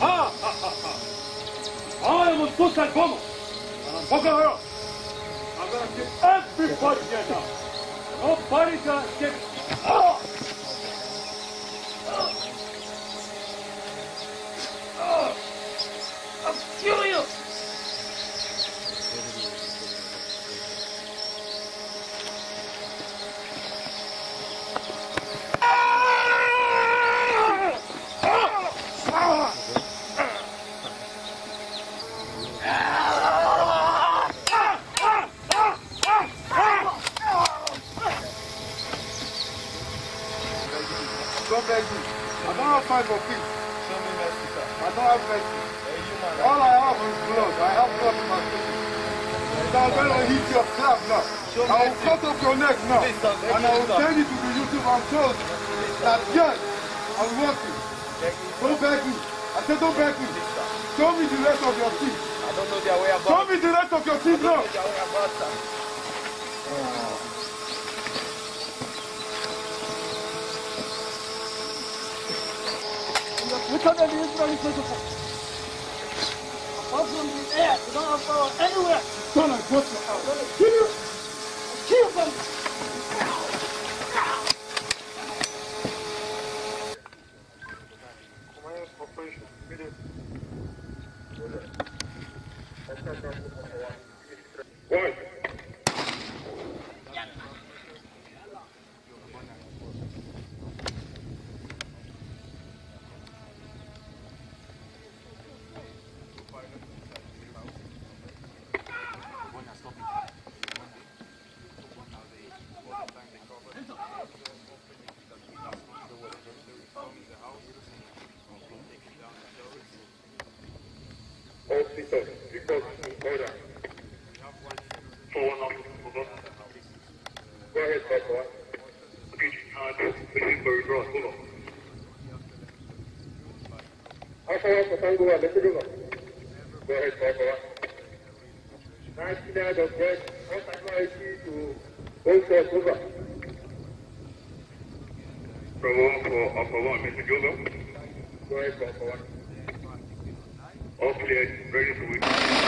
¡Ah! ¡Ah! ¡Ah! ¡Ah! I will put that bomb! Fuck her up! I'm gonna keep everybody there now! Nobody gonna get... Ah! no mercy. I don't have time for peace. Show me mercy, sir. I don't have mercy. Hey, All I have is blood. I have blood in my face. I'm better to hit your clap now. Show I will cut off your neck now. Please, and I will send you to the YouTube and told that yes, I'm you. Don't beg me. I said don't beg me. Show me the rest of your teeth. I don't know their way about. Show me the rest of your teeth now. become an Israeli air. You don't have power anywhere. Don't I put your power. Kill you. Kill them. Request, request, order. For one Go ahead, Papa. Okay, uh, waiting for withdrawal. on. After that, Patangua, let's go. Go ahead, Papa. National of authority to hold for approval? Approval for approval, Mr. Jogo. Go ahead, Papa. Hopefully, I'm ready for it.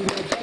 Gracias.